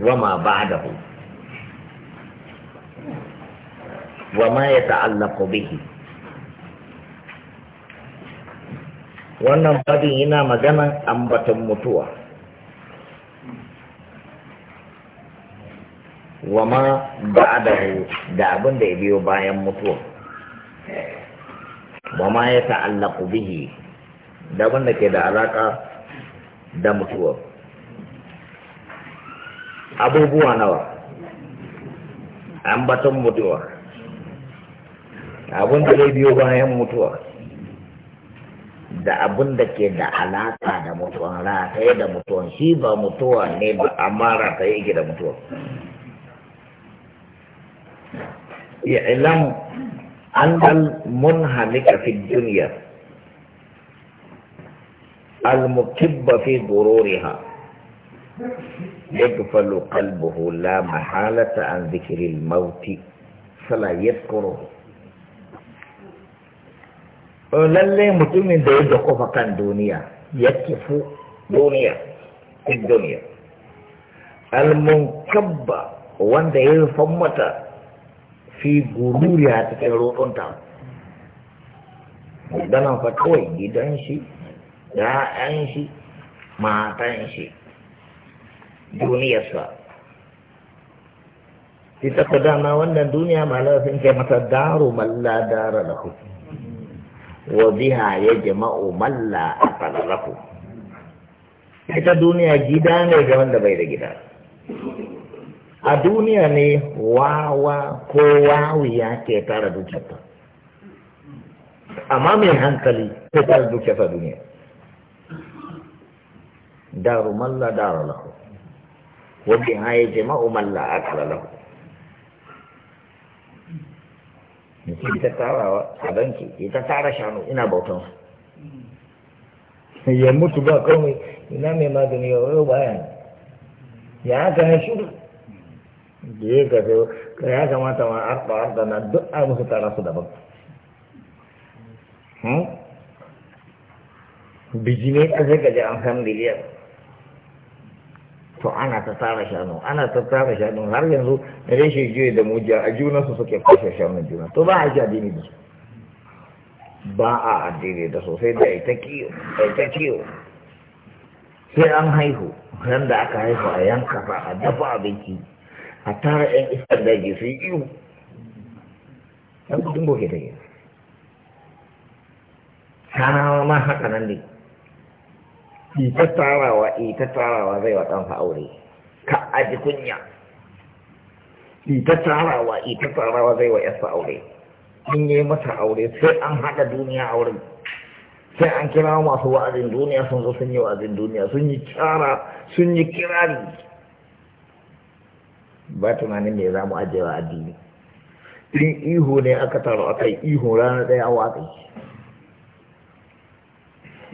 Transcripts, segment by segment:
وما بعده وما يتعلق به wannan fadin yana magana ambaton mutuwa wa ma ba da abin da ya biyo bayan mutuwa wa ma ya ta'allaku bihi da abin da ke da alaka da mutuwa abubuwa nawa An batun mutuwa abin da zai biyo bayan mutuwa da abin da ke da alaka da mutuwan rataye da mutuwan shi ba mutuwa ne ba amma rataye yake da mutuwa ya ilam Mun halika fi duniya al-mukibba fi dururiha يغفل قلبه لا محالة عن ذكر الموت فلا يذكره lalle mutumin da ya dakofa kan duniya ya kifu duniya in duniya almunkabba wanda ya rufan mata fi gururiya cikin rodonta maganan fa kawai gidan shi ya'yan shi matan shi duniyarsa ita ta dama wannan duniya malar sun ke mata daru malla dara lahu wa biha ya jama'u malla a lahu ita duniya gida ne ga wanda bai da gida a duniya ne wawa ko wawiya ke tara dukiyarta amma mai hankali ke tara dukiyarta duniya daru malla dara lahu وبها يجمع من لا عقل له ki ta tara a banki ki ta tara shanu ina bautan su ya mutu ba kawai ina mai magani ya wuri bayan ya haka ya shiru da ya gaso ya kamata ma arba arba na duk a musu tara su daban hmm? biji ne ɗan sai gaji an san miliyan to ana ta tara shanu ana ta tara shanu har yanzu reshe juye da mujiya a juna su suke kwashe shanun juna to ba a ji addini da su ba a addini da sosai da ita kiyo ita kiyo sai an haihu ran da aka haihu a yanka fa a dafa abinci a tara yan iskar daji su yi iyo yan kudin boke da yi sanawa ma haka nan ne ita tarawa ita eh, tarawa zai wa ɗansa aure ka aji kunya ita tarawa ita eh, tarawa zai wa yarsa aure in yi masa aure sai an haɗa duniya aure sai an kira masu wa'azin duniya sun zo sun yi wa'azin duniya sun yi kyara sun yi kirari ba tunanin me za mu ajiye wa addini in ihu ne aka taro aka yi ihu ranar ɗaya a watsi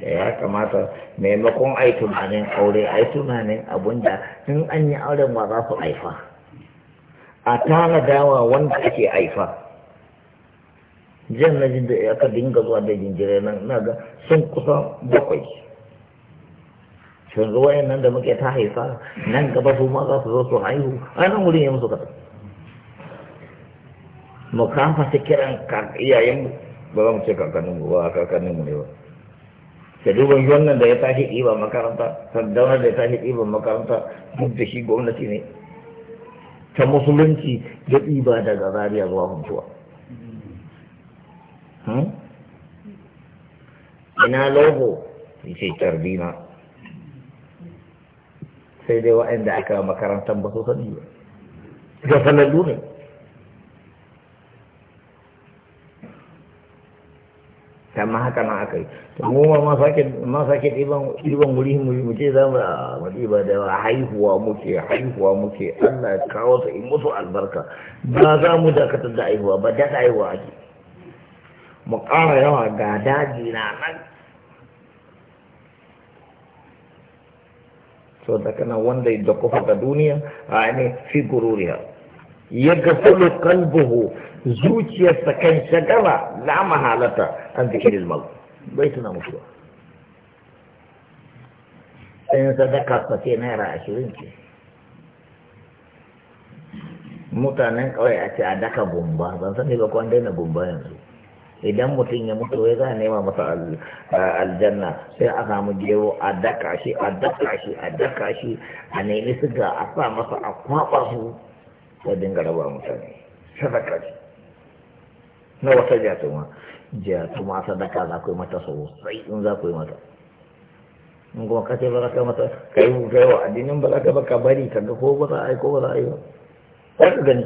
ya kamata maimakon ai tunanin aure ai tunanin abun da in an yi auren wa za su aifa a tana dawa wanda ake aifa jan na jin da aka dinga zuwa da jinjire nan na ga sun kusa bakwai shin ruwayen nan da muke ta haifa nan gaba su ma za su zo su haihu a nan wurin ya musu kata mu kafa su kiran iyayen ba za mu ce kakanninmu ba kakanninmu ne ba ka duba wannan da ya tashi ɗiba makaranta sandaunar da ya tashi ɗiba makaranta duk da shi gwamnati ne ta musulunci ya ɗiba daga zariya zuwa huntuwa hmm? ina lobo ce tarbina sai dai wa'anda aka makarantar ba su sani ba ga sanallu ne kama haka na aka yi to mu ma ma sake ma sake ɗiban wuri mu ce za mu da haihuwa muke haihuwa muke Allah kawo su in musu albarka ba za mu dakatar da haihuwa ba da haihuwa ake mu kara yawa ga daji na nan so da kana wanda da kufa ga duniya a ne fi gururiya ya gasalu kalbuhu zuciyarsa kan shagala na mahalata an zikirin mal bai tuna mutuwa sai sadaka ta naira ashirin ce mutanen kawai a ce a daka gumba ban sani ba kwan daina gumba yanzu idan mutum ya mutu wai za a nema masa aljanna sai a samu gero a daka shi a daka shi a daka shi a nemi siga a sa masa a kwaba su sai dinga raba mutane sadaka shi na wata jatuma jatuma sadaka za ku yi mata sai in za ku yi mata in kuma kace ba za ka mata ka yi kai wa addinin ba za ka ba ka bari ka ga ko ba za a yi ko ba za a yi ba za ka gani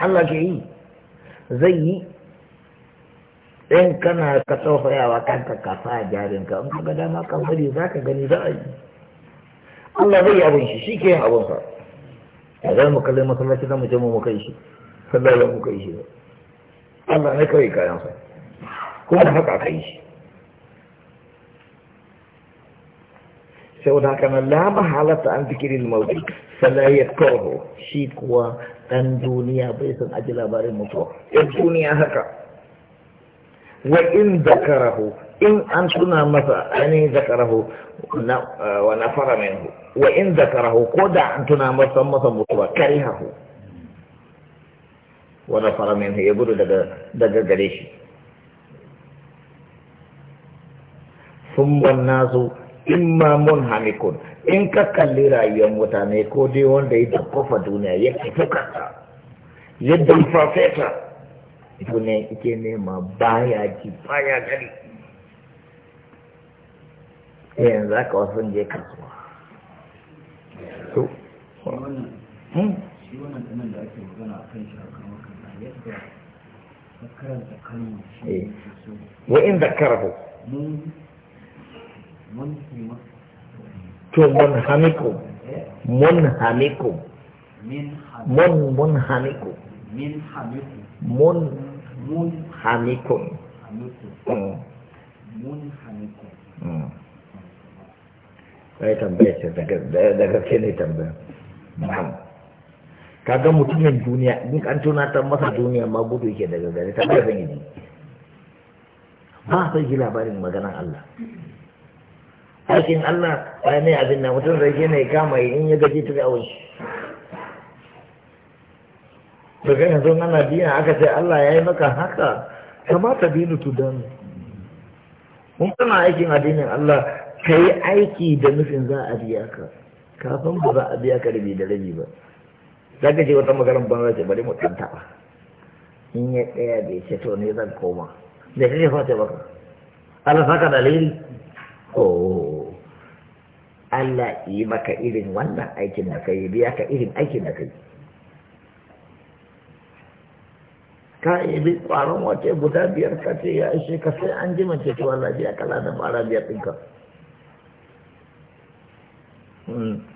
Allah ke yi zai yi in kana ka tsofayawa kanka ka sa jarinka in ka ga dama ka bari za ka gani za a yi Allah zai yi abin shi shi ke yin abin sa a zai mu kalli masallaci za mu je mu kai shi sallallahu alaihi muka yi shi Allah ne kawai kayan sa kuma da haka aka yi shi saboda haka nan la mahalata an zikirin mawdi sallallahu ya kawo shi kuwa dan duniya bai san aji labarin mutuwa yan duniya haka wa in zakarahu in an tuna masa ainihin zakarahu wa nafara minhu wa in zakarahu ko da an tuna masa masa mutuwa karihahu wani faramin ya gudu daga gare shi sun banna su imma mun hamikun in ka kalli rayuwar mutane ko dai wanda ya kofa duniya ya tafi kanta ya damfafeta duniya ike nema baya ji baya gari eh, yanzu ka wasu je kasuwa hmm? shi wannan da ake magana a kan Eh. wa in zakarahu to mun haniku eh? mun haniku mun mun haniku mun mun haniku mm. mun haniku sai mm. tambaya ce daga daga ne tambaya Muhammad kaga mutumin duniya duk an ta masa duniya ma gudu yake daga gare ta ba zan yi ba sai ji labarin maganar Allah aikin Allah bai ne abin nan mutum zai ne kama in ya gaji ta awai to ga yanzu ana biya aka ce Allah ya yi maka haka kamata dinu tudan mun kana aikin addinin Allah kai aiki da nufin za a biya ka kafin ba za a biya ka da rabi ba zaka ce wata maganar banza ce bari mu tantaba in ya tsaya bai ce to ne zan koma da kake fata baka ala saka dalili ko oh. Allah yi maka irin wannan aikin da kai biya ka irin aikin da kai ka yi bi kwaron wace guda biyar ka ce ya ishe ka sai an ji mace cewa Allah biya kala da mara biyar ɗinka. Hmm.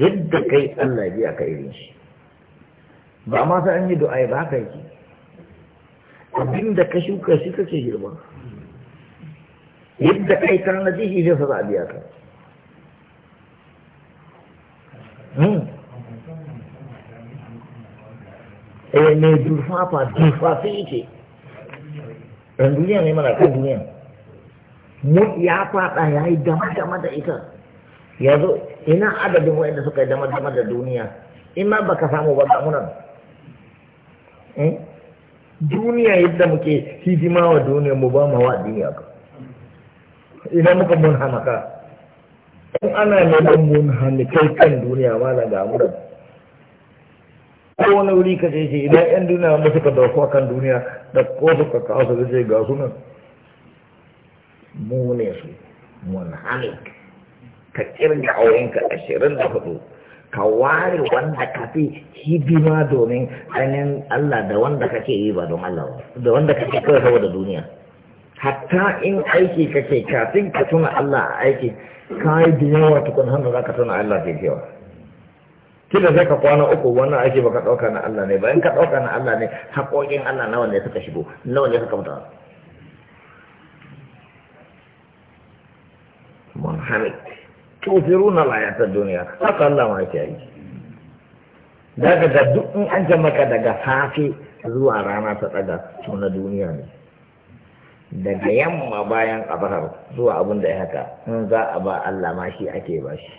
yadda kai Allah biya ka irin shi ba ma sa an yi du'a ba haka yake abin da ka shuka shi kake girma yadda kai ka na shi zai sa biya ka hmm. eh ne durfafa durfafi yake ɗan duniya ne mana kan duniya mu ya faɗa ya yi dama dama da ita yanzu ina adadin inda suka yi damar da duniya in ma ka samu ba damunan eh? duniya yadda muke hidima wa duniya mu ba mawa duniya ba ina muka mun hamaka in ana neman mun hamakai kan duniya ma na damunan ko wuri ka ce shi idan yan duniya wanda suka dauko kan duniya da ko suka kawo su zai ga sunan mu ne su mun hamakai ka kirga aurenka ashirin da hudu ka ware wanda ka fi hidima domin ainihin Allah da wanda kake yi ba don Allah ba da wanda kake kawai saboda duniya hatta in aiki kake kafin ka tuna Allah a aiki ka yi wa tukun hannu za ka tuna Allah ke cewa kila zai ka kwana uku wannan aiki baka ɗauka na Allah ne bayan ka ɗauka na Allah ne haƙoƙin Allah nawa ne suka shigo nawa ne suka fita Muhammad. tufiruna layatar duniya haka Allah ma yake yi daga da duk in an maka daga safe zuwa rana ta daga to na duniya ne daga yamma bayan abahar zuwa abin da ya haka in za a ba Allah ma shi ake ba shi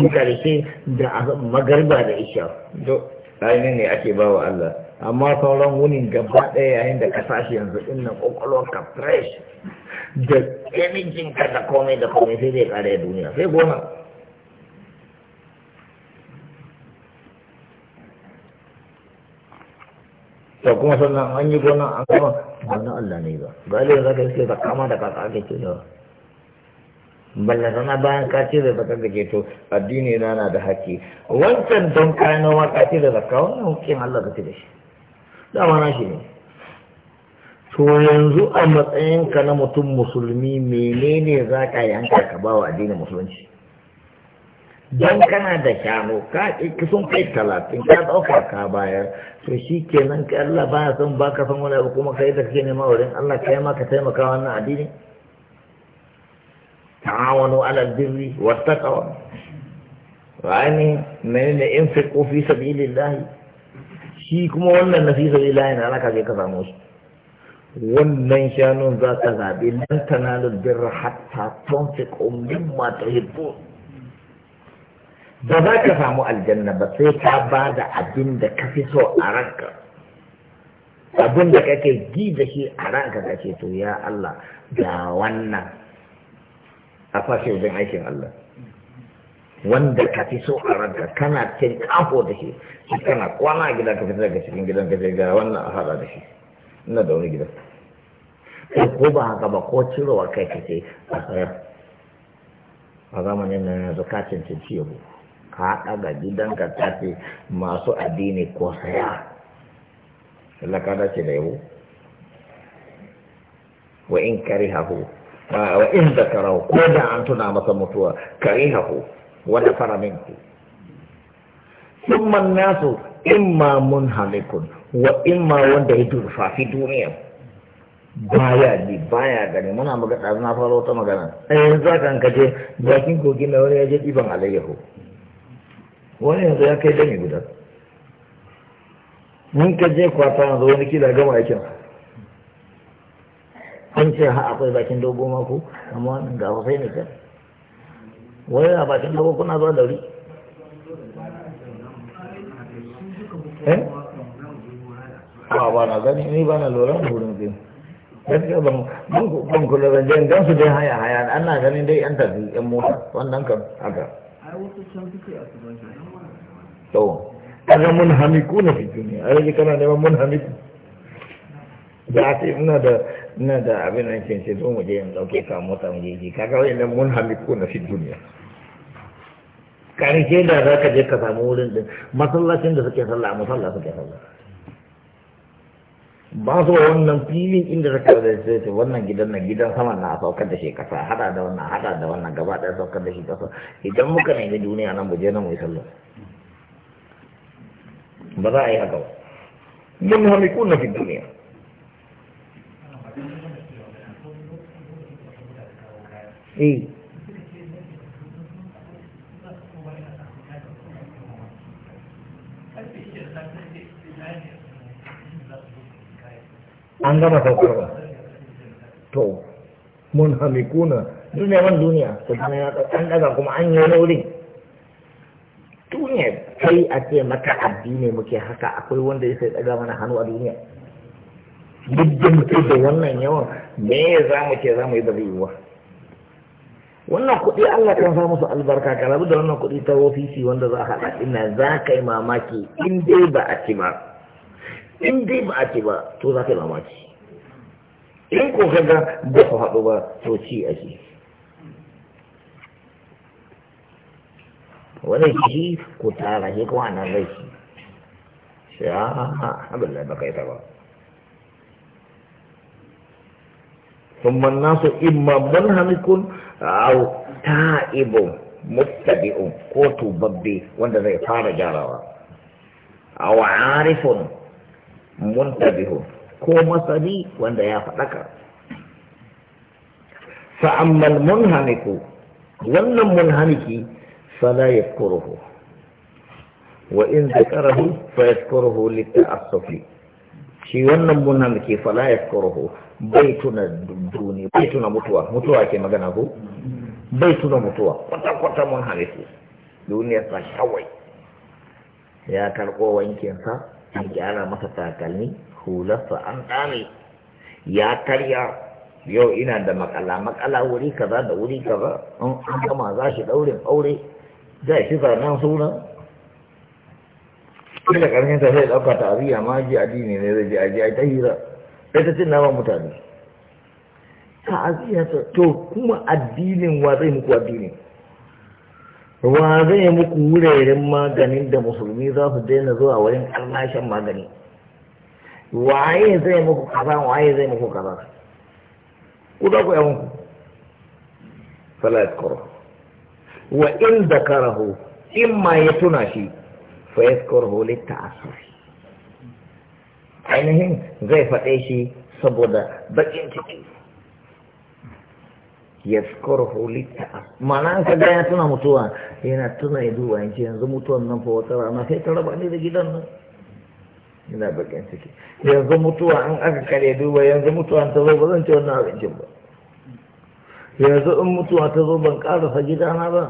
shi karshe da magarba da isha duk ainihin ne ake ba wa Allah amma sauran wunin gaba ɗaya yayin da kasashe yanzu ɗin nan ƙwaƙwalwar ka fresh da ganin ka da komai da komai sai zai kare duniya sai goma to kuma sannan an yi gona an kama wannan Allah ne ba galibin za ka yi da kama da kaka ake ce da balla sana bayan ka ce da zakar da ke to addini na na da haƙƙi wancan don kayan noma ka ce da zakka wannan hukin Allah ka ce da shi dama na shi ne to yanzu a matsayinka na mutum musulmi menene za ka yanka ka ba wa addinin musulunci don kana da shano ka sun kai talatin ka ɗauka ka bayar to shi kenan ka Allah ba son ba ka san wani abu kuma ka yi da kake nema wurin Allah ka ma ka taimaka wannan addini ta'awanu ala birri wattaqwa wani menene infiqu fi sabilillah shi kuma wannan na fi sabilillah ne Allah ka je ka samu shi wannan shanun za ta zaɓi nan ta tanalul birra hatta tunfiqu mimma tuhibbun ba za ka samu aljanna ba sai ka ba da abin da ka fi so a ranka abin da kake ji da shi a ranka ka ce to ya Allah ga wannan a fashe wajen aikin Allah wanda ka fi so a ranka kana cin kafo da shi shi kana kwana gida ka fita daga cikin gidan ka ga wannan a hada da shi ina da wani gidan kai ko ba haka ba ko cirowa kai ce a tsayar a zamanin nan yanzu ka cancanci yabo ka ɗaga gidan ka tafi masu addini ko saya Allah ka dace da yabo wa in karihahu wa in zakarahu ko da an tuna masa mutuwa karihahu wani faraminku sun man nasu mun halikun wa in ma wanda ya durfafi duniya baya ji baya gani muna magana na fara wata magana ɗaya eh, za ka kace bakin kogi na wani ya je ɗiban alayyahu wani yanzu ya kai dami guda mun ka je kwata yanzu wani kila gama aikin an ce ha akwai bakin dogo mako amma wannan ga wasai ne kan wani a bakin dogo kuna zuwa dauri eh ba na gani ni ba na lura da wurin biyu gaskiya ban ban kula da jan gansu dai haya haya an na ganin dai yan tafi yan mota wannan kan haka to kaga mun hamiku na fi duniya a rage kana neman mun hamiku da ce ina da ina da abin nan kin ce zo mu je in dauke ka mota mu je ji kaga wayannan mun hamiku na fi duniya karshe da za ka je ka samu wurin din masallacin da suke sallah musalla suke sallah ba su wannan filin inda zaka da sai ce wannan gidan na gidan sama na saukar da shi kasa hada da wannan hada da wannan gaba daya saukar da shi kasa idan muka nemi duniya nan buje je nan mu sallah ba za a yi haka ba mun hamiku na fi duniya eh an gama saukarwa to mun hamikuna duniya man duniya kuma ya an daga kuma an yi wani wurin duniya kai a ce maka addini muke haka akwai wanda yake daga mana hannu a duniya duk da mutum da wannan yawan me za mu ke za mu yi da yiwuwa wannan kuɗi Allah kan sa musu albarka ka rabu da wannan kuɗi ta ofisi wanda za a haɗa ina za ka yi mamaki in dai ba a ci ba indi ba a ci ba to za ka yi mamaki in ko ga ba su haɗu ba to ci a ci wani shi ko tara shi kuma nan zai ci shi a abin da baka yi ta ba ثم الناس إما منهمك أو تائب متبع كوتو ببي وانت زي فار جاروا أو عارف muntabihu ko masani wanda ya faɗaka fa'ammal munhaniku wannan munhaniki fala yadhkuruhu wa in dhakarahu fa yadhkuruhu lita'assufi shi wannan munhaniki fala yadhkuruhu bai tuna duni bai tuna mutuwa mutuwa ke magana ko bai tuna mutuwa kwata kwata munhaniki duniyar ta kawai ya karɓo wankinsa an gyara masa takalmi hularsa an ɗame ya karya yau ina da makala makala wuri kaza da wuri kaza in an gama za shi ɗaurin aure zai shi zanen suna da ƙarshen ta sai ɗauka ta abiya ma ji addini ne zai ji aji a ta hira sai ta cin nama mutane ta aziya to kuma addinin wa zai muku addinin wa zai muku wuraren maganin da musulmi za su daina zuwa wurin karnashin magani waye zai muku kaza waye zai muku kaza ku da ku yan ku fala wa in da karahu in ma ya tuna shi fa a litta'assuf ainihin zai faɗe shi saboda bakin ciki yaskuruhu litta mana ka ga ya tuna mutuwa yana tuna ya duba yanci yanzu mutuwan nan fa wata rana sai ta raba ne da gidan nan ina bakin ciki yanzu mutuwa an aka kare duba yanzu mutuwa ta zo ba zan ci wannan abincin ba yanzu in mutuwa ta zo ban karasa gidana ba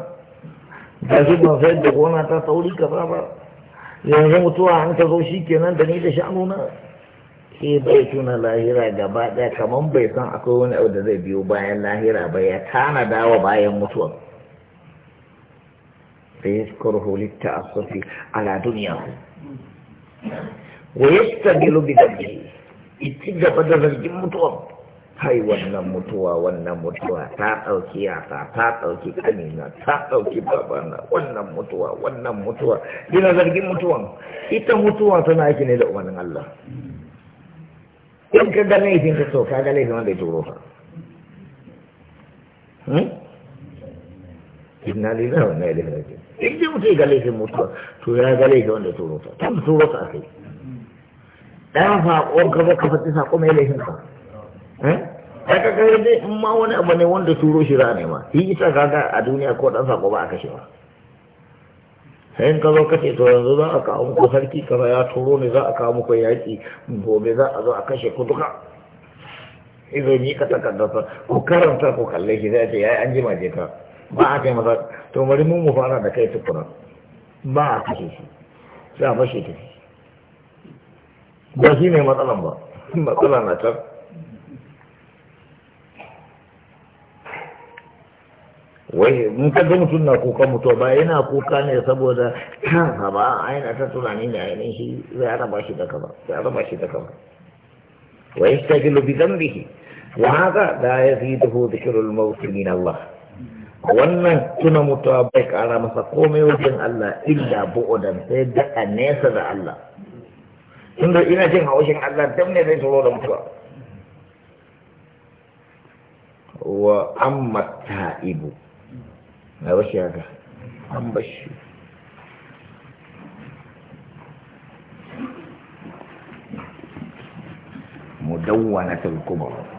ba shi ban sayar da gona ta sauri kaza ba yanzu mutuwa an ta zo shi kenan da ni da shanu na. shi bai tuna lahira gaba ɗaya kamar bai san akwai wani abu da zai biyo bayan lahira ba ya tana dawa bayan mutuwa da ya skoro holitta a sofi ala duniya wa ya ta gilo bidabi iti gaba da zargin mutuwa kai wannan mutuwa wannan mutuwa ta ɗauki yasa ta ɗauki kanina ta ɗauki babana wannan mutuwa wannan mutuwa yana zargin mutuwan ita mutuwa tana ake ne da umarnin Allah in ka ga laifin ka so ka ga laifin wanda ya turo ka hmm? inna lillahi wa inna ilaihi raji'un in dai mutum ga laifin mutuwa to ya ga laifin wanda ya turo ka ta turo ka akai dan saƙon ka ba ka fata saƙo mai laifin ka ai hmm? ka kai dai in ma wani abu ne wanda turo shi za a nema shi isa ga a duniya ko dan saƙo ba a kashewa in ka zo ka to yanzu za a kawo muku sarki kaza ya turo ne za a kawo muku yaƙi gobe za a zo a kashe ku duka izo ni ka takardarsa ku karanta ku kalle shi zai ce yayi an jima je ka ba a kai masa to bari mu mu fara da kai tukuna ba a kashe shi sai a fashe ta, ba shi ne matsalan ba matsala na can wai mun ka ga mutum na kuka mutuwa ba yana kuka ne saboda kansa ba a yana ta tunani ne yanayin shi zai raba shi da kama. zai raba shi da kaza wa gilo bi dhanbihi wa min Allah wannan tuna mutuwa bai kara masa komai wajen Allah illa bu'udan sai daɗa nesa da Allah tunda ina jin haushin Allah don ne zai tsoro da mutuwa wa amma ibu. na bashi haka an bashi mudawwanatul kubra